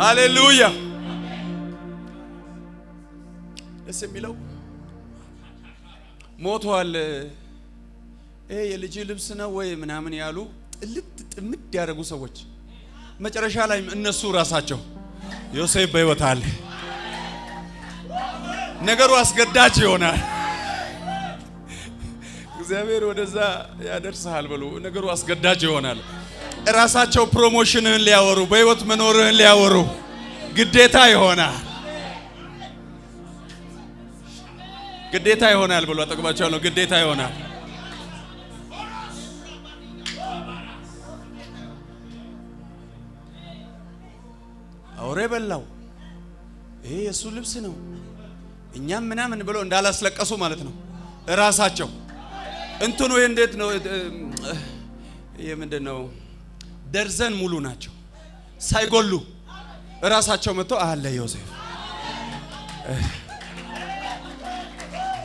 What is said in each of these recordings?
ሃሌሉያ። ደስ የሚለው ሞቷል፣ ይሄ የልጅ ልብስ ነው ወይ ምናምን ያሉ ጥልት ጥምድ ያደረጉ ሰዎች መጨረሻ ላይ እነሱ ራሳቸው ዮሴፍ በሕይወት አለ። ነገሩ አስገዳጅ ይሆናል። እግዚአብሔር ወደዛ ያደርስሃል ብሎ ነገሩ አስገዳጅ ይሆናል። ራሳቸው ፕሮሞሽንህን ሊያወሩ በህይወት መኖርህን ሊያወሩ ግዴታ ይሆናል ግዴታ ይሆናል ብሎ አጠቅባቸው ያለው ግዴታ ይሆናል። አውሬ በላው፣ ይሄ የእሱ ልብስ ነው፣ እኛም ምናምን ብሎ እንዳላስለቀሱ ማለት ነው። እራሳቸው እንትኑ እንዴት ነው? ይህ ምንድን ነው? ደርዘን ሙሉ ናቸው ሳይጎሉ እራሳቸው መጥቶ አለ ዮሴፍ።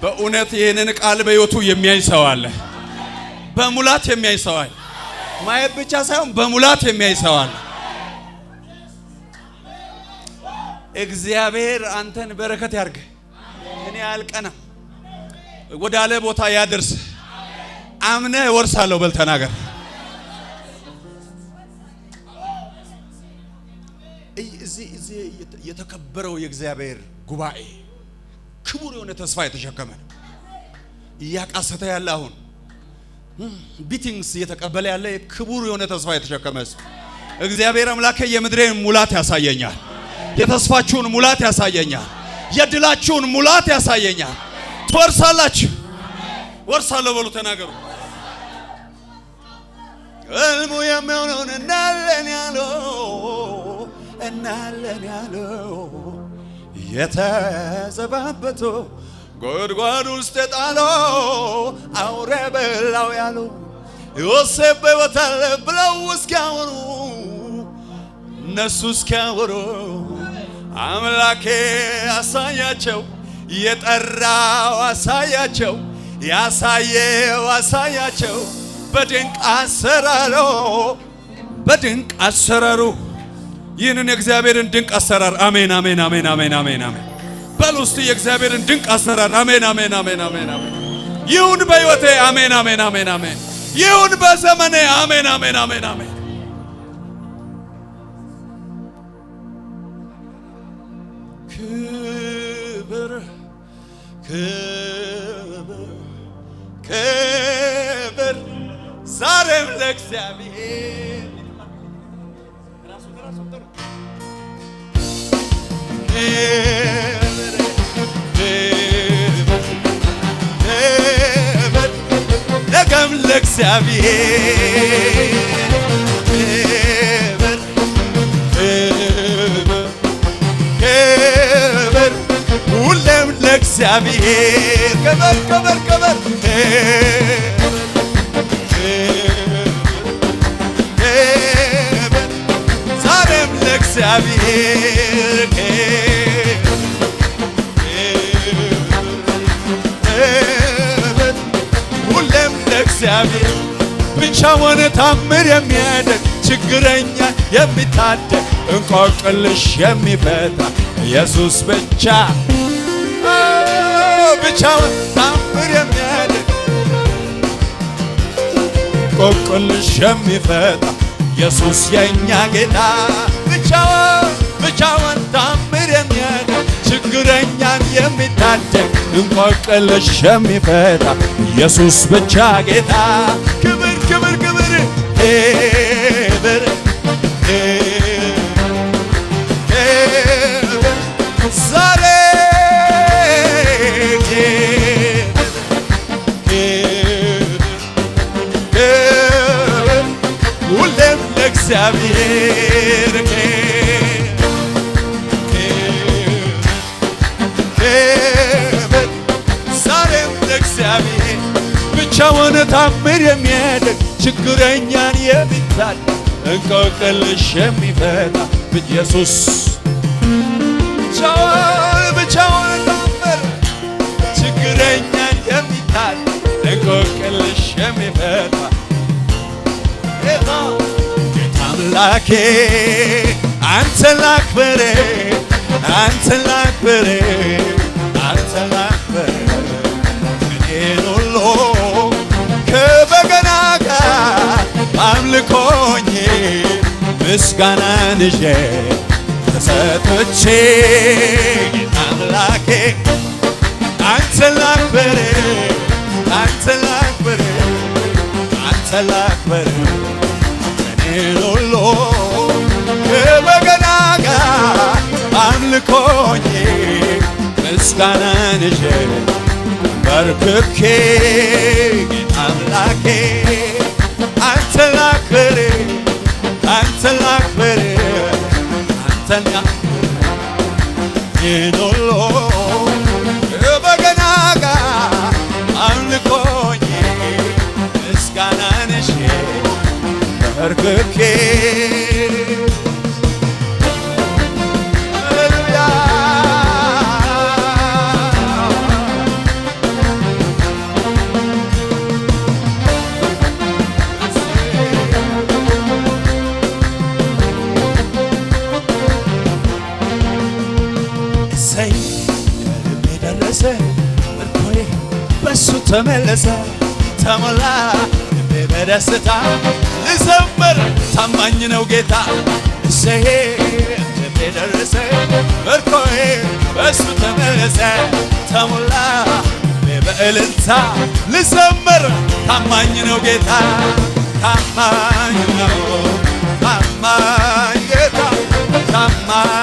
በእውነት ይህንን ቃል በሕይወቱ የሚያይ ሰው አለ። በሙላት የሚያይ ሰው አለ። ማየት ብቻ ሳይሆን በሙላት የሚያይ ሰው አለ። እግዚአብሔር አንተን በረከት ያርገ። እኔ አልቀና ወደ አለ ቦታ ያደርስ። አምነ ወርሳለሁ። በል ተናገር። የተከበረው የእግዚአብሔር ጉባኤ ክቡር የሆነ ተስፋ የተሸከመ ነው። እያቃሰተ ያለ አሁን ቢቲንግስ እየተቀበለ ያለ ክቡር የሆነ ተስፋ የተሸከመ እግዚአብሔር አምላኬ የምድሬን ሙላት ያሳየኛል። የተስፋችሁን ሙላት ያሳየኛል። የድላችሁን ሙላት ያሳየኛል። ትወርሳላችሁ። ወርሳለሁ በሉ ተናገሩ። እናለን ያለው የተዘባበቶ ጎድጓድ ውስጥ የጣለው አውሬ በላው ያለው ዮሴፍ በሕይወት አለ ብለው እስኪያወሩ እነሱ እስኪያወሩ አምላኬ አሳያቸው፣ የጠራው አሳያቸው፣ ያሳየው አሳያቸው። በድንቅ አሰራሩ በድንቅ አሰራሩ ይህንን የእግዚአብሔርን ድንቅ አሰራር አሜን፣ አሜን፣ አሜን፣ አሜን፣ አሜን፣ አሜን በል ውስጥ የእግዚአብሔርን ድንቅ አሰራር አሜን፣ አሜን፣ አሜን፣ አሜን፣ አሜን ይሁን በሕይወቴ አሜን፣ አሜን፣ አሜን፣ አሜን ይሁን በዘመኔ አሜን፣ አሜን፣ አሜን፣ አሜን። ክብር ክብር ክብር ዛሬም ለእግዚአብሔር ደገም ክብር ሁሌም ለእግዚአብሔር ክብር ክብር ክብር ዛሬም ለእግዚአብሔር እግዚአብሔር ብቻ ሆነ ታምር የሚያደግ ችግረኛ የሚታደግ እንቆቅልሽ የሚፈታ ኢየሱስ ብቻ ታምር የሚያደግ እንቆቅልሽ የሚፈታ ኢየሱስ የእኛ ጌታ እንቆቅ የለሽ የሚፈታ ኢየሱስ ብቻ ጌታ ክብር ክብር ክብር እግዚአብሔር ብቻውን ታምር የሚያደርግ ችግረኛን የሚታል እንቆቅልሽ የሚፈታ ኢየሱስ ብቻውን ታምር ችግረኛን የሚታል እንቆቅልሽ የሚፈታ አምላኬ ምስጋና ይዤ ተሰጥቼ ጌታ አምላኬ አንተን ላክብር አንተን ላክብር አንተን ላክብር እኔን ሁሉ ከበገና ጋር አምልኮኝ ምስጋናን ይዤ ተንበርክኬ አምላኬ አንተን ላክብር አንተን ላክብር በገና ጋር አምልኮኝ ምስጋናንሽ በርክኬ እሱ ተመለሰ ተሞላ ልቤ በደስታ ልዘምር ታማኝ ነው ጌታ እሰሄ ልቤ ደረሰ ምርኮዬ በእሱ ተመለሰ ተሞላ ልቤ በእልልታ ልዘምር ታማኝ ነው ጌታ ታማኝ ነው ታማኝ ጌታ ታማኝ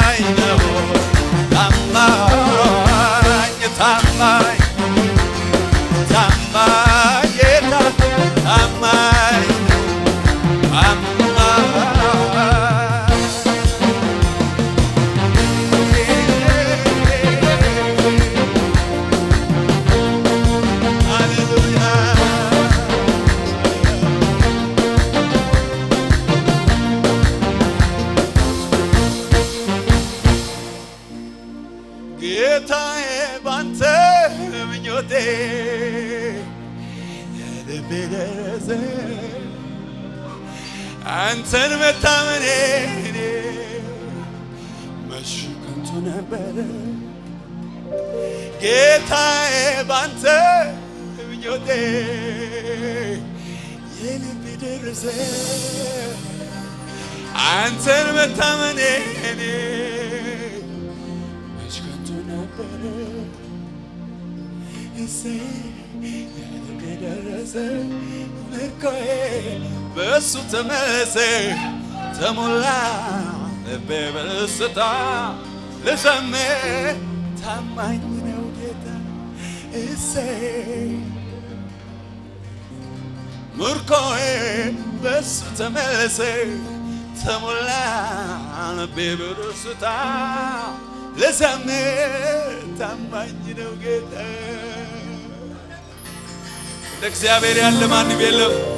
ጌታዬ ባንተ ምኞቴ ልቤ ደረሰ አንተን መታመኔ መች ከንቱ ነበረ ጌታዬ ባንተ ምኞቴ የልቤ ደረሰ አንተን መታመኔ ደረሰ ምርኮዬ በእሱ ተመሰ ተሞላ ልቤ በደስታ ልዘምር ታማኝ ነው ጌታ እሰይ ምርኮዬ በእሱ ተመሰ ተሞላ ልቤ በደስታ ለዘምር ታማኝ ነው ጌታ። ለእግዚአብሔር ያለ ማንም የለም።